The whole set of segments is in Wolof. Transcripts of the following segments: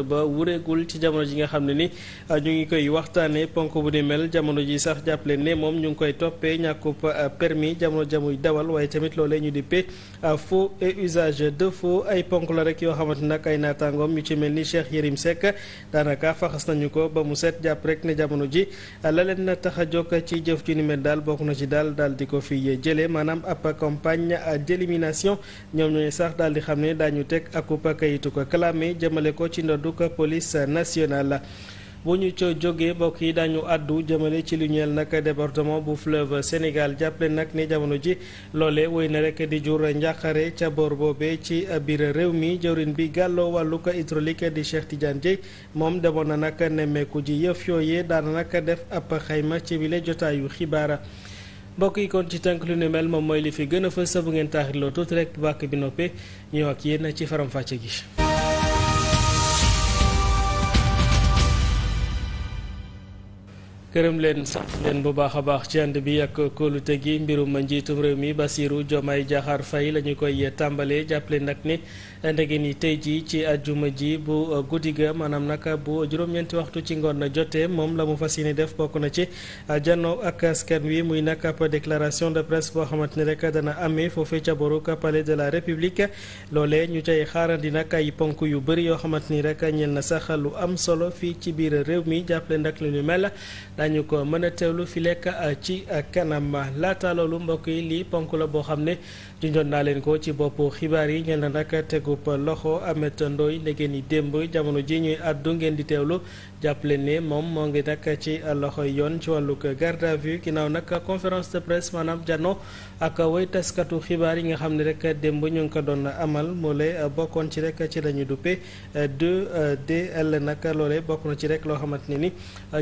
ba wureegul ci jamono ji nga xam ne ni ah, ñu ngi koy waxtaanee ponk bu di mel jamono ji sax jàppale ne moom ñu ngi koy toppee ñàkkub ah, permis jamono jamuy dawal waaye tamit loolee ñu dippee ah, faux et usage de fo ay ponk la rek yoo xamante nag ay naataangoom yu ci mel ni Cheikh Yérim Seck daanaka faxas nañu ko ba mu seet jàpp rek ne jamono ji la na taxa a ci jëf ju ni mel daal bokk na ci daal daal di ko fi jëlee maanaam ab campagne d'élimination ñoom ñooy polis police nationale bu ñu co jógee mbokk yi dañu àddu jëmale ci lu ñeel nag département bu fleuve Sénégal jàppale nag ni jamono ji loole woy na rek di jur njàqare ca boor boobe ci biir réew mi jawrin bi gàlloo wàllu ko hydraulique di Cheikh Tidiane Dieye moom demoon na nag nemmeeku ji yëf yooyee daana nag def ab xayma ci bile jotaayu xibaara mbokk yi kon ci tenk lu ne mel moom mooy li fi gën a fës bu ngeen taaxirloo tuuti rek bàkk bi noppee ñëw ak ci faram gi. gërëm leen sant bu baax a baax ci ànd bi ak kóolute gi mbirum njiitum réew mi Bassirou Diomaye Diakhar fay la ñu koy tàmbalee jàppale nag ni ndege ni tey jii ci ajjuma ji bu uh, guddi ga maanaam nag bu juróom-ñeenti waxtu ci ngoon na jotee moom la mu fas yéene def bokk na ci uh, janno ak askan wi muy nag ab déclaration de presse boo xamante ni rek dana amee foofee ca boruk palais de la république loole ñu cay xaarandi nag ay ponk yu bëri yoo xamante ni rek ñeel na sax lu am solo fii ci biir réew mi jàppale nag lu ñu mel dañu ko mën a teewlu fi lekk uh, ci kanam laata loolu mbokk yi lii ponk la boo xam ne junjoon naa leen ko ci bopp xibaar yi ñel na nag tegub loxo Ameth Ndoye ndegeen yi démb jamono ji ñuy àddu ngeen di teewlu jàppale ne moom moo ngi nag ci loxoy yoon ci wàllug garde à vue ginnaaw nag conférence de presse maanaam janno ak way taskatu xibaar yi nga xam ne rek démb ñu ngi ko doon amal moole bokkoon ci rek ci la ñu duppe 2DL nag loolee bokk na ci rek loo xamante ni ni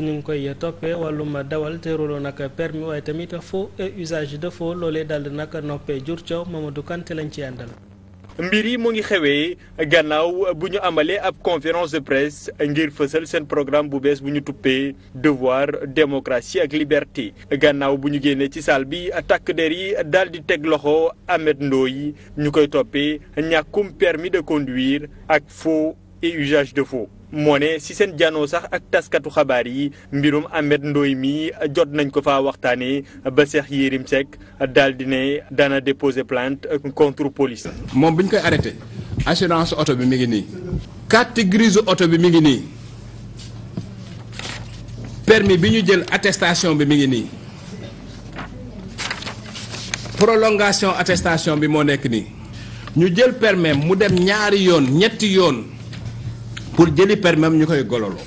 ñu ngi koy toppee wàllum dawal te ruloo nag permis waaye tamit faux usage de faux loolee daal di nag noppee jur coow Mamadou Kanté lañ ci àndal. mbir yi mu ngi xewee gannaaw bu ñu amalee ab conférence de presse ngir fësal seen programme bu bees bu ñu tuppee devoir démocratie ak liberté gannaaw bu ñu génnee ci salle bi takk der yi daal di teg loxo Ameth yi ñu koy toppee ñàkkum permis de conduire ak faux et usage de faux. moo ne si seen janoo sax ak taskatu xabaar yi mbirum Ahmed Ndoye mi jot nañ ko fa waxtaanee ba Cheikh Yérim Seck daal di ne dana déposer plante contre police. moom bi ñu koy arrêté assurance oto bi mi ngi nii carte grise oto bi mi ngi nii permis bi ñu jël attestation bi mi ngi nii prolongation attestation bi moo nekk nii ñu jël permis mu dem ñaari yoon ñetti yoon. pour jëli permis ñu koy gololoo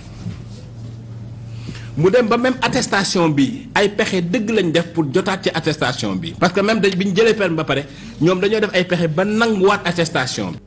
mu dem ba même attestation bi ay pexe dëgg lañ def pour jotaat ci attestation bi parce que même dañ bi ñu jëlee permis ba pare ñoom dañoo def ay pexe ba nanguwaat attestation bi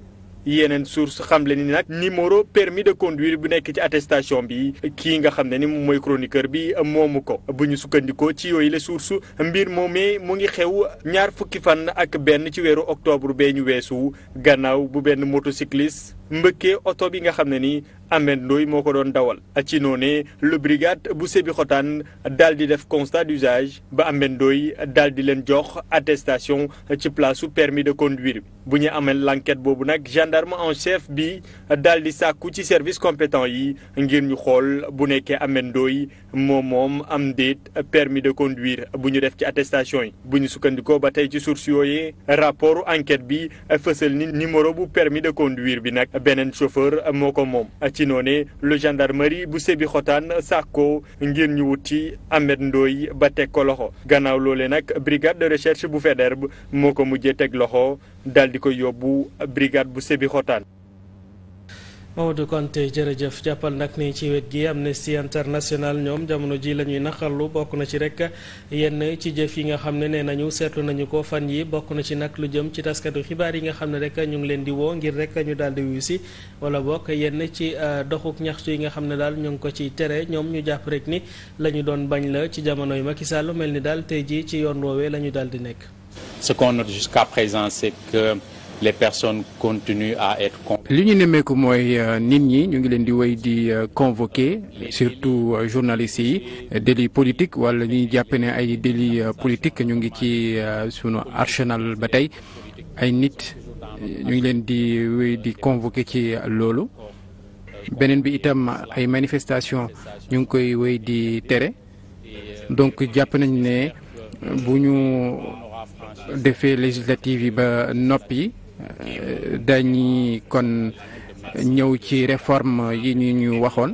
yeneen source xam le ni nag numéro permis de conduire bu nekk ci attestation bi kii nga xam ne ni moom mooy chroniqueur bi moomu ko bu ñu sukkandikoo ci yooyu la source mbir moomee mu ngi xew ñaar fukki fan ak benn ci weeru octobre bee ñu weesu gannaaw bu benn motocycliste mbëkkee oto bi nga xam ne ni Ahmed Ndoye moo ko doon dawal a ci noonee le brigade bu Sébikotane daal di def constat d'usage ba Ahmed Ndoye daal di leen jox attestation ci place su permis de conduire bu ñu amee l'enquête boobu nag gendarme en chef bi daal di sàkku ci service compétent yi ngir ñu xool bu nekkee Ahmed Ndoye moo moom am déet permis de conduire bu ñu def ci attestation yi bu ñu sukkandikoo ba tey ci source yooyee rapport enquête bi fësal ni numéro bu permis de conduire bi nag beneen chauffeur moo ko moom ci noone le gendarmerie bu Sébikotane sàkkoo ngir ñu wut ci Ahmed Ndoye ba teg ko loxo gannaaw loole nag brigade de recherche bu Faidherbe moo ko mujjee teg loxo daal di ko yóbbu brigade bu sebi Sébikotane Mamadou Konté jërëjëf jàppal nag ni ci wet gi Amnesty International ñoom jamono ji la ñuy naqarlu bokk na ci rek yenn ci jëf yi nga xam ne nee nañu seetlu nañu ko fan yi bokk na ci nag lu jëm ci taskatu xibaar yi nga xam ne rek ñu ngi leen di woo ngir rek ñu daal di wuyu wala bokk yenn ci euh, doxuk ñaxtu yi nga xam ne daal ñu ngi ko ci tere ñoom ñu jàpp rek ni la ñu doon bañ la ci jamono yu Macky Sall mel ni daal tey jii ci yoon woowee la ñu daal di nekk. Ce qu'on note jusqu'à les personnes continuent à li ñu nemmeeku mooy euh, nit ñi ñu ngi leen di woy di euh, convoqué surtout euh, journalistes yi délit politique wala ñuy jàppe ne ay délit politique ñu ngi ci sunu arsenal ba tey ay nit ñu ngi leen di wéy di convoqué ci loolu beneen bi itam ay manifestation ñu ngi koy woy di tere donc jàpp nañ ne bu ñu defee législative yi ba noppi Euh, dañi kon ñëw ci réforme yi ñu ñu waxoon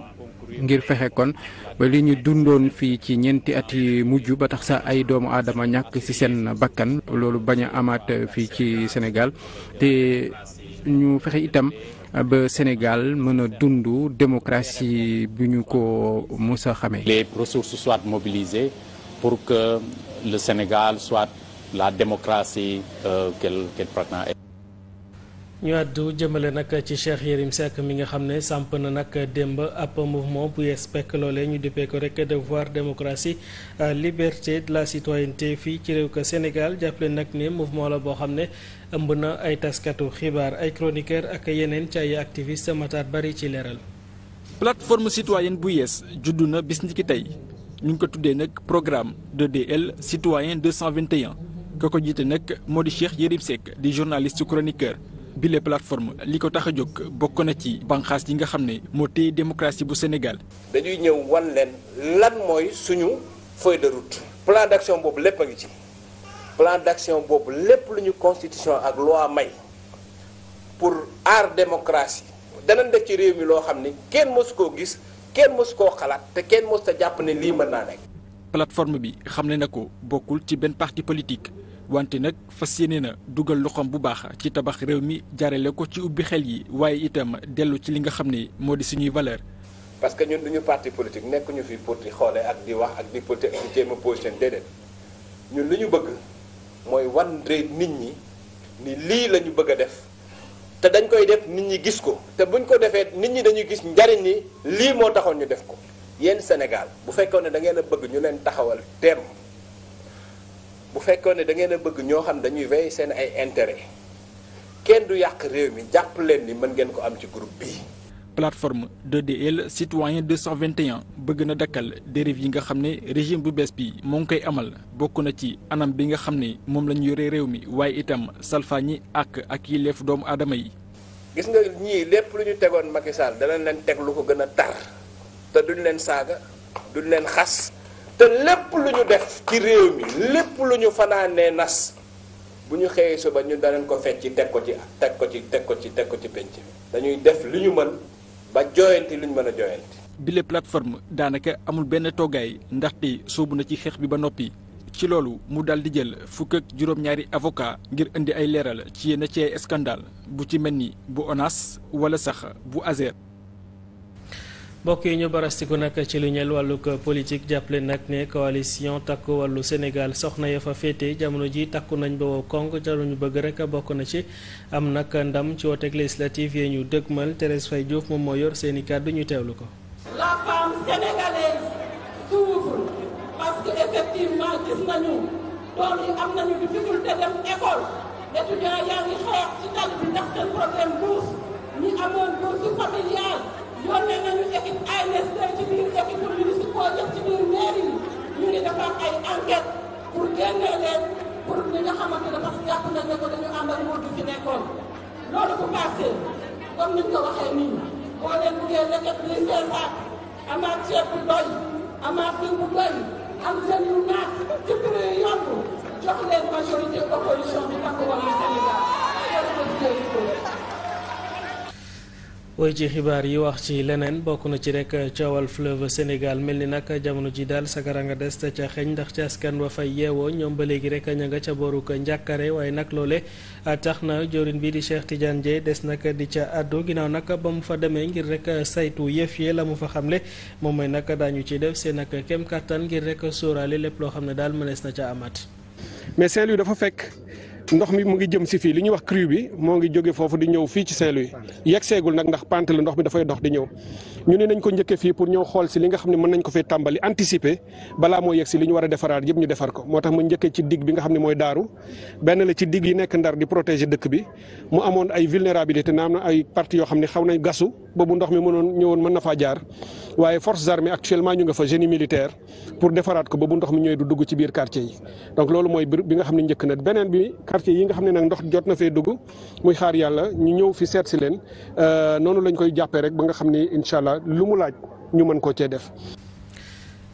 ngir fexe kon ba li ñu dundoon fii ci ñeenti at yi mujj ba tax sax ay doomu aadama ñàkk ci seen bakkan loolu bañ a amaat fii ci Sénégal te ñu fexe itam ba Sénégal mën a dund démocratie bi ñu ko mës xame xamee. les ressources soient mobilisées pour que le Sénégal soit la démocratie euh, qu'elle qu'elle prétend ñu àddu jëmale nag ci Cheikh Yérim Seck mi nga xam ne samp na nag démb ab mouvement bu yespek loolee ñu depee ko rek devoir démocratie liberté de la citoyenneté fii ci ko Sénégal jàppale nag ne mouvement la boo xam ne ëmb na ay taskatu xibaar ay chroniqueur ak yeneen ci ay sama Matar bari ci leeral. plateforme citoyenne bu yees juddu na bis ni tey ñu ngi ko tuddee nag programme de dl citoyen 221 ka ko jiite nag moo di Cheikh Yérim Seck di journaliste chroniqueur. bi les plateforme li ko tax a jóg bokk na ci banqaas yi nga xam ne moo téye démocratie bu Sénégal. dañuy ñëw wan leen lan mooy suñu feuille de route. plan boobu lépp a ngi ci plan d'action boobu lépp lu ñu constitution ak loi may pour aar démocratie danañ def ci réew mi loo xam ne kenn mësu koo gis kenn mësu koo xalaat te kenn mësu ta jàpp ne lii mën naa nekk. plateforme bi xam ne na ko bokkul ci benn parti politique. wante nag fas yéene na dugal loxoom bu baax ci tabax réew mi jaarale ko ci ubbi xel yi waaye itam dellu ci li nga xam ne moo di suñuy valeur parce que ñun duñu parti politique nekk ñu fi pour di xoole ak di wax ak di politique di jéem a position déedéet ñun lu ñu bëgg mooy wan réew nit ñi ni lii lañu bëgg a def te dañ koy def nit ñi gis ko te buñ ko defee nit ñi dañuy gis njariñ ni lii moo taxoon ñu def ko yéen Sénégal bu fekkoon ne da ngeen a bëgg ñu leen taxawal teem bu fekkoon ne da ngeen bëgg ñoo xam dañuy veiller seen ay intérêt kenn du yàq réew mi jàpp leen ni mën ngeen ko am ci groupe bi plateforme de dl citoyen 221 bëgg na dakkal dérive yi nga xam ne régime bu bees bi moo ngi koy amal bokk na ci anam bi nga xam ne moom la ñu yore réew mi waaye itam salfaañi ak ak yelleef doomu aadama yi. gis nga ñii lépp lu ñu tegoon Macky Sall danañ leen teg lu ko gën a tar te duñ leen saaga duñ leen xas. te lépp lu ñu def ci réew mi lépp lu ñu fanaanee nas bu ñu xëyee suba ñu danañ ko fecc teg ko ci teg ko ci teg ko ci teg ko ci pénc dañuy def lu ñu mën ba joyanti lu ñu mën a joyanti. bile plateforme daanaka amul benn toggaay ndaxte soobu na ci xeex bi ba noppi ci loolu mu daal di jël fukk ak juróom-ñaari avocat ngir indi ay leeral ci yenn ci ay bu ci mel ni bu ONAS wala sax bu ASER. mbokk yi ñu barastiku nag ci lu ñeel wàllug politique jàppale nag ne coalition takku wàllu senegal soxna ya fa féete jamono ji takku nañ ba wow kong ca lu ñu bëgg rek bokk na ci am nag ndam ci wooteeg législative yi ñu dëgmal Thérèse Faye Diouf moom moo yor seeni kàddu ñu teewlu ko. la femme sénégalaise souffre parce effectivement gis nañu tool yi am nañu difficulté dem école étudiants yaa ngi xeex ci tali bi ndax seen problème bourse ñi amoon bourse familiale. yónnee nañu équipe ANSD ci biir équipe municipal yëpp ci biir mairie ñu ngi defar ay enquête pour génnee leen pour li nga xamante ne parce que jàpp ne ko dañu ànd ak nguur gi fi nekkoon. loolu bu passé comme niñ ko waxee nii boo buggee lekkat li seen saak amaat ceeb bu doy amaat diw bu doy am jën yu naat ci prix yu yomb jox leen majorité opposition bi takk wàllu Sénégal loolu la ñu woy ci xibaar yi wax ci leneen bokk na ci rek coowal fleuve Sénégal mel ni nag jamono ji daal a nga des ca xeeñ ndax ca askan wa fay yeewoo ñoom ba léegi rek ña nga ca boruk njàkkare waaye nag loole ah, tax na jawriñ bi di Cheikh Tidiane Dièye des nag di ca àddu ginnaaw nag ba mu fa demee ngir rek saytu yëf yee la mu fa xamle moom mooy nag daañu ci def seen nag kem kàttan ngir rek sóoraale lépp loo xam ne daal mënees na ca amaat mais saint ndox mi mu ngi jëm si fii li ñu wax crue bi moo ngi jóge foofu di ñëw fii ci Saint-Louis yegg seegul nag ndax pante la ndox mi dafay dox di ñëw ñu ne nañ ko njëkkee fii pour ñëw xool si li nga xam ne mën nañ ko fee tàmbali anticiper balaa moo yegg si li ñu war a defaraat yëpp ñu defar ko moo tax mu njëkkee ci dig bi nga xam ne mooy daaru benn la ci dig yi nekk ndar di protéger dëkk bi mu amoon ay vulnérabilité na am na ay partie yoo xam ne xaw nañ gasu boobu mi mënoon ñëwoon mën na faa jaar waaye forces armées actuellement ñu nga fa génie militaire pour defaraat ko ba bu ndox mi ñooy dugg ci biir quartier yi donc loolu mooy bi nga xam ne njëkk na beneen bi quartier yi nga xam ne nag ndox jot na fee dugg muy xaar yàlla ñu ñëw fi seet si leen euh, noonu lañ koy jàppee rek ba nga xam ni incha allah lu mu laaj ñu mën koo cee def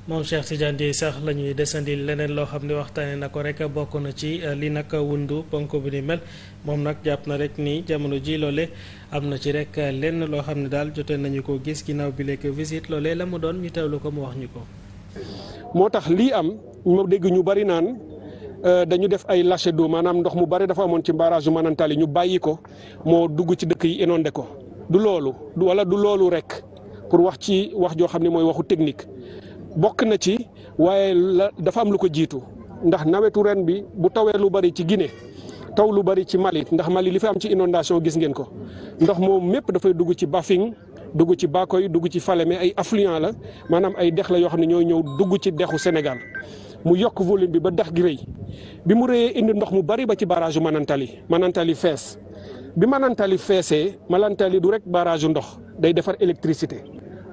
moom Cheikh Tidiane Dièye sax la ñuy desandi leneen loo xam ne waxtaanee na ko rek bokk na ci eh, li nag wundu ponk bi ni mel moom nag jàpp na rek ni jamono ji loole am na ci rek lenn loo xam ne daal jotee nañu ko gis ginnaaw bi lekk visite loole la mu doon ñu teewlu ko mu wax ñu ko. moo tax lii am ma dégg ñu bari naan eh, dañu def ay lâcher maanaam ndox mu bari dafa amoon ci barrage u Manantali ñu bàyyi ko moo dugg ci dëkk yi inondé ko du loolu wala du loolu rek pour wax ci wax joo xam ne mooy waxu technique. bokk na ci waaye la dafa am lu ko jiitu ndax nawetu ren bi bu tawee lu bari ci Guinée taw lu bari ci malit ndax Mali li fi am ci inondation gis ngeen ko ndox moom mépp dafay dugg ci Bafing dugg ci Bakoy dugg ci Falémé ay affluent la maanaam ay dex la yoo xam ne ñoo ñëw dugg ci dexu Sénégal mu yokk volume bi ba dex gi rëy bi mu rëyee indi ndox mu bari ba ci barrage u Manantali Manantali fees bi Manantali feesee Manantali du rek barrage ndox day defar électricité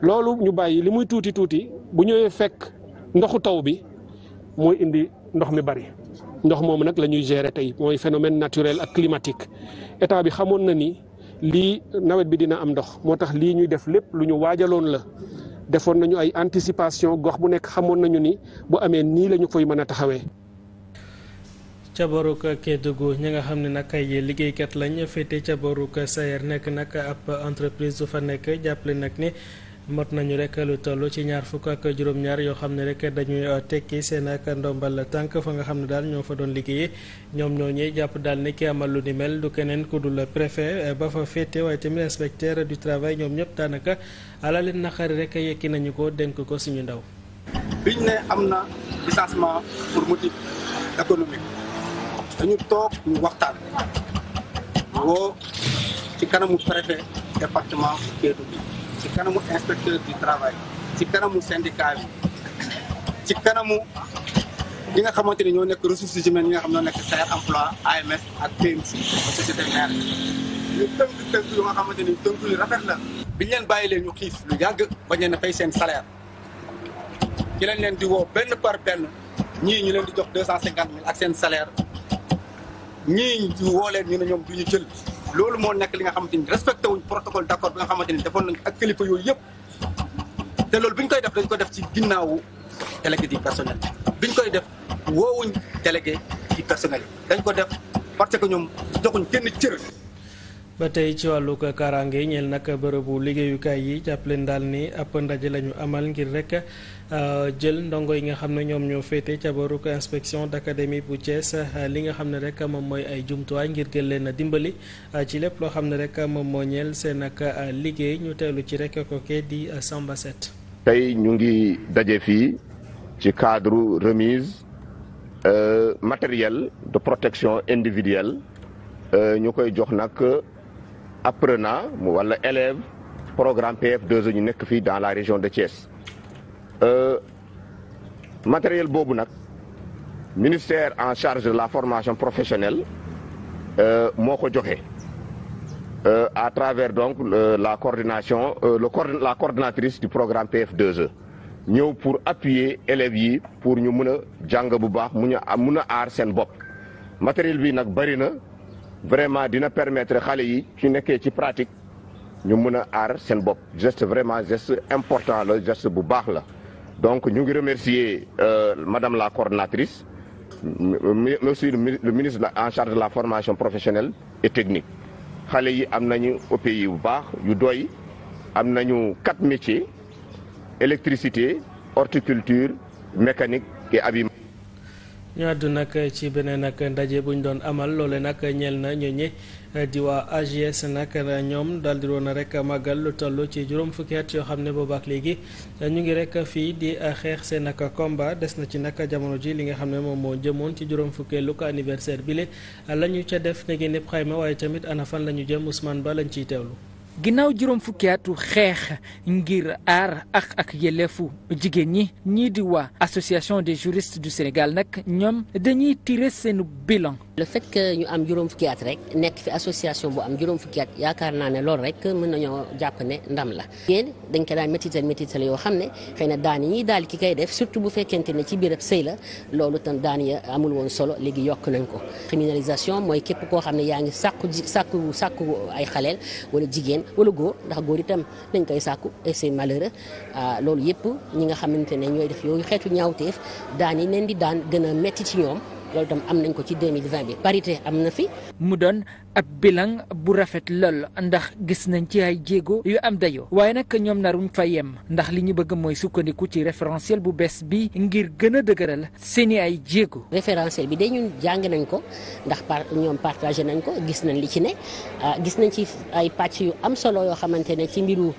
loolu ñu bàyyi li muy tuuti tuuti bu ñëwee fekk ndoxu taw bi mooy indi ndox mi bari ndox moomu nag la ñuy gérer tey mooy phénomène naturel ak climatique état bi xamoon na ni lii nawet bi dina am ndox moo tax lii ñuy def lépp lu ñu waajaloon la defoon nañu ay anticipation gox bu nekk xamoon nañu ni bu amee nii lañu koy mën a taxawee. ca barug Kédougou ñi nga xam ne nag ay liggéeykat lañ féete ca barug Sayer nekk nag ab entreprise du fa nekk jàppale nag ni. mot nañu rek lu toll ci ñaar fukk ak juróom-ñaar yoo xam ne rek dañuy uh, tekki seen ak ndombal tànk fa nga xam ne daal ñoo fa doon liggéeyee ñoom ñoo ñee jàpp daal ne ki amal lu ni mel du keneen ku dul préfet uh, ba fa féete waaye tamit inspecteur du travail ñoom ñëpp daanaka ala na naqari rek yekki nañu ko dénk ko suñu ndaw. biñ ne am na licenciement pour motif économique dañu toog ñu waxtaan woo ci kanamu préfet département Kédougou. ci kanamu inspecteur du travail ci kanamu syndicat bi ci kanamu ñi nga xamante ni ñoo nekk ressources humaines ñi nga xam noo nekk SAER emploi AMS ak PMC société mère ñu tënk tënk nga xamante ni tënk yu rafet la biñ leen bàyyi leen ñu xiif lu yàgg bañ leen fay seen salaire ci leen leen di woo benn par benn ñi ñu leen di jox deux cent cinquante mille ak seen salaire ñii ñu woo leen ñu ne ñoom du ñu jël loolu moo nekk li nga xamante ni respecté wuñ protocole d'accord bi nga xamante ni defoon nañ ak kilifa yooyu yëpp te loolu bi ñu koy def dañ ko def ci ginnaawu délégué du personnel bi koy def woowuñ délégué du personnel dañ ko def parce que ñoom joxuñ kenn ba tey ci wàllu kaaraange ñeel nag bërëbu liggéeyukaay yi jàpp leen daal ni ab ndaje la ñu amal ngir rek. Euh, jël ndongo yi nga xam ne ñoom ñoo féete ca baruk inspection d'académie bu Thiès euh, li nga xam ne rek moom mooy ay jumtuwaay ngir gën leen a dimbali euh, ci lépp loo xam ne rek moom moo ñeel seen ak liggéey ñu teelu ci rek kookee di Samba Set tey ñu ngi daje fii ci cadre remise matériel de protection individuelle ñu koy jox nag apprenant wala élève programme PF2E ñu nekk fii dans la région de Thiès Euh, matériel boobu nag ministère en charge de la formation professionnelle euh, moo ko joxe euh, à travers donc la coordination le coord la coordinatrice du programme pf e. ñëw pour appuyer élèves yi pour ñu mën a jàng bu baax mu ñu mun a aar seen bopp matériel bi nag bëri na vraiment dina permettre xale yi ci nekkee ci pratique ñu mun a aar seen bopp geste vraiment gest important la geste bu baax la donc ñu ngi remercier euh, madame la coordonnatrice mais aussi le ministre en charge de la formation professionnelle et technique xale yi am nañu OPI bu baax yu doy am nañu quatre métiers électricité horticulture mécanique et habillement ñu àddu nag ci beneen nag ndaje bu ñu doon amal loole nag ñeel na ñooñu di waa AGS nag ñoom daal di doon rek màggal lu toll ci juróom fukki at yoo xam ne boobaak léegi ñu ngi rek fii di xeex seen nag combat des na ci nag jamono ji li nga xam ne moom moo jëmoon ci juróom fukkee lu ko anniversaire bile la ñu ca def ne génn xayma waaye tamit ana fan la ñu jëm Ousmane Ba lañ ciy teewlu. ginnaaw juróom fukki atu xeex ngir aar ak ak yelleefu jigéen ñi ñii di waa association des juristes du Sénégal nag ñoom dañuy tirer seen bilan le fait que ñu am juróom fukki at rek nekk fi association bu am juróom fukki at yaakaar naa ne loolu rek mën nañoo jàpp ne ndam la. yéen dañ ko daan métital métital yoo xam ne xëy na daan yi daal ki koy def surtout bu fekkente ne ci biirab sëy la loolu tam daan ya amul woon solo léegi yokk nañ ko. criminalisation mooy képp koo xam ne yaa ngi sàkku ji sàkku sàkku ay xaleel wala jigéen wala góor ndax góor itam dañ koy sàkku et c'est malheureux ah, loolu yëpp ñi nga xamante ne ñooy def yooyu xeetu ñaawteef daan yi leen di daan gën a métti ci ñoom. loolu itam am nañ ko ci 2020 bi parité am na fi. mu doon ab bilan bu rafet lool ndax gis nañ ci ay jéego yu am dayo waaye nag ñoom naruñ fa yem ndax li ñu bëgg mooy sukkandiku ci référentiel bu bees bi ngir gën a dëgëral seeni ay jéego. référentiel bi de ñun jàng nañ ko ndax ñoom partagé nañ ko gis nañ li ci ne ah, gis nañ ci ay pàcc yu am solo yoo xamante ne ci mbiru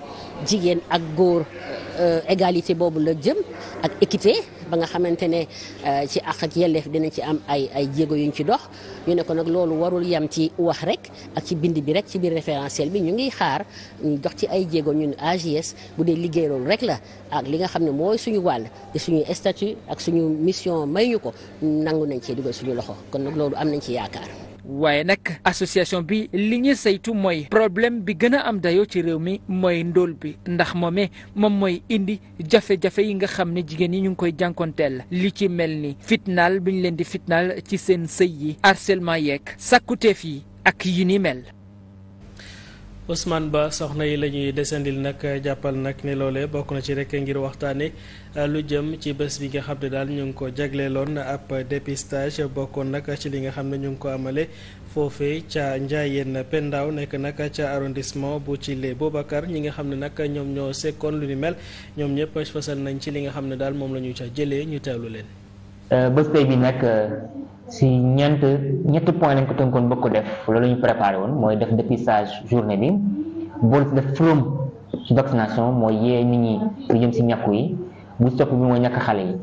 jigéen ak góor euh, égalité boobu la jëm ak équité ba nga xamante ne euh, ci àq ak yelleef dinañ ci am ay ay jéego yuñ ci dox ñu ne ko nag loolu warul yam rek ak ci bind bi rek ci biir référentiel bi ñu ngi xaar ñu jox ci ay jéego ñun AJS bu dee liggéey loolu rek la ak li nga xam ne mooy suñu wàll di suñu statut ak suñu mission mayñu ko nangu nañ cee dugal suñu loxo kon nag loolu am nañ ci yaakaar. waaye nag association bi li ñu saytu mooy problème bi gën a am dayoo ci réew mi mooy ndool bi ndax moome moom mooy indi jafe-jafe yi nga xam ne jigéen yi ñu ngi koy jànkonteel li ci mel ni fitnaal bi leen di fitnaal ci seen sëy yi harcèlement ak yi ni mel. Ba soxna yi la ñuy desandil nag jàppal nag ne loolee bokk na ci rek ngir waxtaane euh, lu jëm ci bés bi nga xam ne daal ñu ngi ko jagleeloon ab dépistage bokkoon nag ci li nga xam ne ñu ngi ko amale foofe ca Njaayeen Pendaaw nekk nag ca arrondissement bu ci le Boubacar ñi nga xam ne nag ñoom ñoo sekkoon lu ni mel ñoom ñëpp fasal nañ ci li nga xam ne daal moom la ñu ca jëlee ñu teewlu leen. Euh, bés tey bi nag euh, si ñeent ñetti point lañ ko tënkoon bëgg ko def loolu ñu préparé woon mooy def dépistage journée bi bool si def flom ci vaccination mooy yee nit ñi lu jëm si ñàkku yi bu topp bi mooy ñàkk xale yi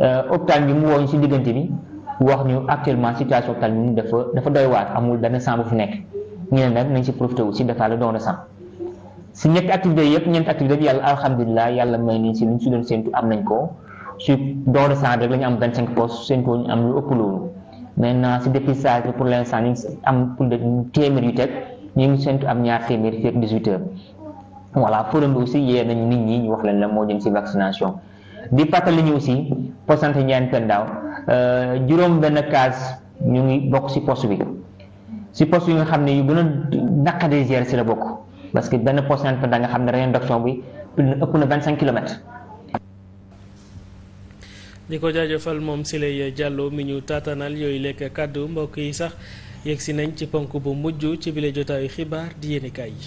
euh, hôpital bi mu woo ñu si diggante bi wax ñu actuellement situation hôpital bi dafa dafa doy waat amul benn sang bu fi nekk ñu ne nag nañ si profité wu si defar le don de si ñetti activité yëpp ñeenti activité bi yàlla alhamdulilah yàlla may nañ si luñ si doon séntu am nañ ko su door sant rek la ñu am vingt cinq postes seen ko ñu am lu ëpp loolu maintenant si dépistage bi pour l'instant ñu ngi am plus de téeméer yu teg ñu ngi séntu am ñaar téeméer fekk dix huit heures voilà forum bi aussi yee nañ nit ñi ñu wax leen la moo jëm si vaccination di pàttali ñu aussi pourcentage ñaan pen daaw euh, juróom benn case ñu ngi bokk si post bi si poste yi nga xam ne yu gën a naqadee gérer la bokk parce que benn poste sant pen daaw nga xam ne réinduction bi ëpp na vingt di ko jaajëfal moom Sileye Diallo mi ñu taataanal yooyu lekk kàddu mbokk yi sax yegsi nañ ci ponk bu mujj ci bile jotaayu xibaar di yéenekaay yi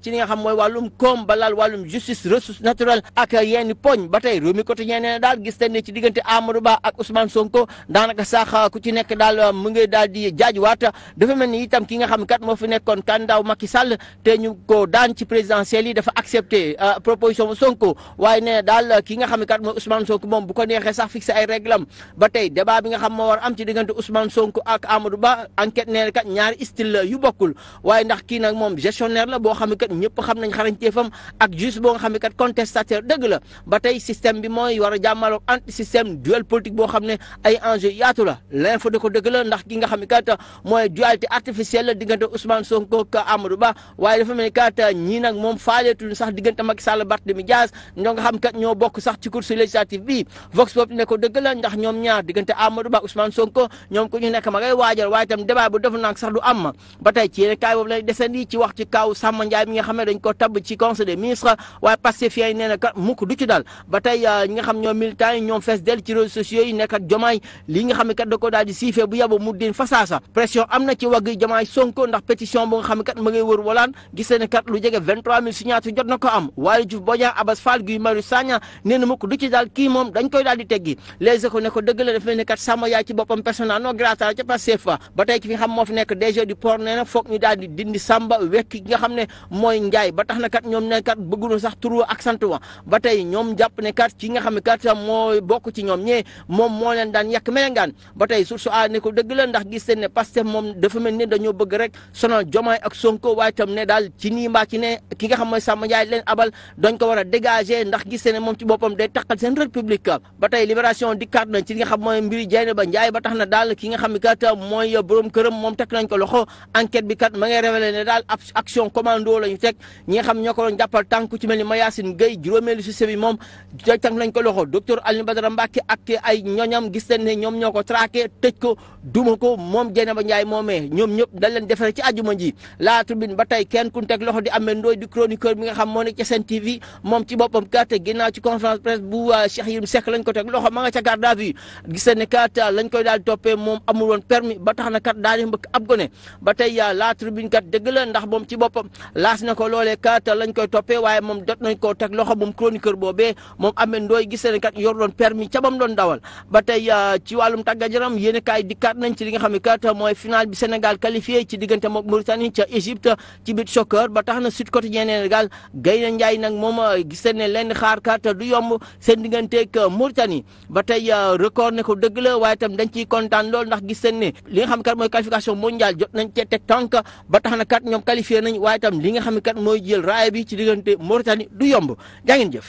ci li nga xam mooy wàllum koom ba laal wàllum justice ressource naturelle ak yenn poñ ba tey réew mi quotidien nee na daal gis nañ ne ci diggante Amadou Ba ak Ousmane Sonko daanaka sax ku ci nekk daal mu ngi daal di jaajuwaat dafa mel ni itam ki nga xam kat moo fi nekkoon kandaaw Macky Sall te ñu ko daan ci présidentielle euh, daal ki nga xam kat mooy Ousmane Sonko moom bu ko neexee sax fixé ay réglam ba bi nga xam moo war am ci diggante Ousmane Sonko ak Ba enquête nee na kat ñaari style yu bokkul waaye ndax kii nag moom gestionnaire la boo xam kat ñëpp xam nañ xarañteefam ak juste boo nga xam ne kat contestataire dëgg la ba tey système bi mooy war a jàmmaloo anti système duel politique boo xam ne ay enjeu yaatu la l'info de ndax ki nga xam ne mooy dualité artificielle la diggante Ousmane Sonko ak Amadou Ba waaye dafa mel ni kat ñii nag moom faaleetuñu sax diggante Macky Sall Barthélémy Dias ñoo nga xam kat ñoo bokk sax ci course législative bi Vox Pop ne ko dëgg la ndax ñoom ñaar diggante Amadou Ba Ousmane Sonko ñoom ku ñu nekk ma ngay waajal waaye mi nga xam ne dañ ko tabb ci conseil jot na am waaye Diouf Bodiang Abass Fall Guy Marius Sagna nee mukk du ci daal dañ koy daal teggi les éco ne ko dëgg la kat sàmm yaay ci boppam personnel non grata ca Pastef ba tey ki nga xam moo nekk DG du port nee na foog ñu dindi sàmba wekk ki ne mooy njaay ba tax na kat ñoom ne kat bëgguñu sax turu ak sant wa ba tey ñoom jàpp ne kat ki nga xam ne kat moo bokk ci ñoom ñee moom moo leen daan yàq melengaan ba tey su a ne ko dëgg la ndax gis sen ne Pastef moom dafa mel ni dañoo bëgg rek sonal Jomaay ak Sonko waaye tam ne daal ci nii mbaa ci ne ki nga xam mooy Samba Ndiaye leen abal dañ ko war a dégager ndax gis seen ne moom ci boppam day taqal seen république ba tey libération dikkaat na ci li nga xam mooy mbiri Dieynaba Ndiaye ba tax na daal ki nga xam ne kat mooy borom këram moom teg nañ ko loxo enquête bi kat ma ngay révélé ne daal action commando la ñu teg ko doon jàppal ko loxo docteur Alioune Badara Mbacke ak ay ñoñam gis nañ ne ñoom ñoo ko traqué tëj ko kun teg loxo di amee ndooy di chroniqueur bi nga xam moo nekk ci Sen TV moom ci boppam kat ginnaaw ci conférence presse bu euh, Cheikh Yérim Seck lañ ko teg loxo ma nga ca garde à vue gis nañ ne kat euh, lañ koy daal toppee moom amul woon permis ab gone ba tey euh, la tribune kat ndax moom ci boppam la kaas na ko loolee kat lañ koy toppee waaye moom jot nañ koo teg loxo moom chroniqueur euh, ci diggante mook ca Égypte ci biir soccer ba na Sud Quotidien ne daal Gaynde Njaay nag moom euh, gis ne leen xaar kat du yomb seen digganteeg euh, Mauritanie ba tey ne ko dëgg la waaye itam dañ ciy kontaan lool ndax gis ne li nga xam kat mooy qualification mondiale jot nañ cee teg tànk ba na kat ñoom qualifié nañ waaye itam li nga xam ne kat mooy jël raaya bi ci diggante Mauritanie du yomb jaa ngeen jëf.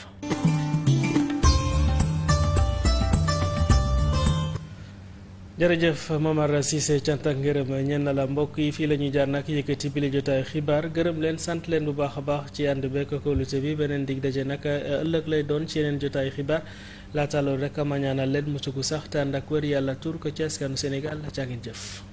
jërëjëf Momar Cissé ñen ak ngërëm la mbokk yi fii la ñuy jaar nag yëkkati bi la jotaayu xibaar gërëm leen sant leen bu baax a baax ci ànd beeg kóolute bi beneen dig daje nag ëllëg lay doon ci yeneen jotaayu xibaar laata loolu rek ma ñaanal leen mucc gu sax te ak wër yàlla tur ko ci askanu Sénégal la jaa jëf.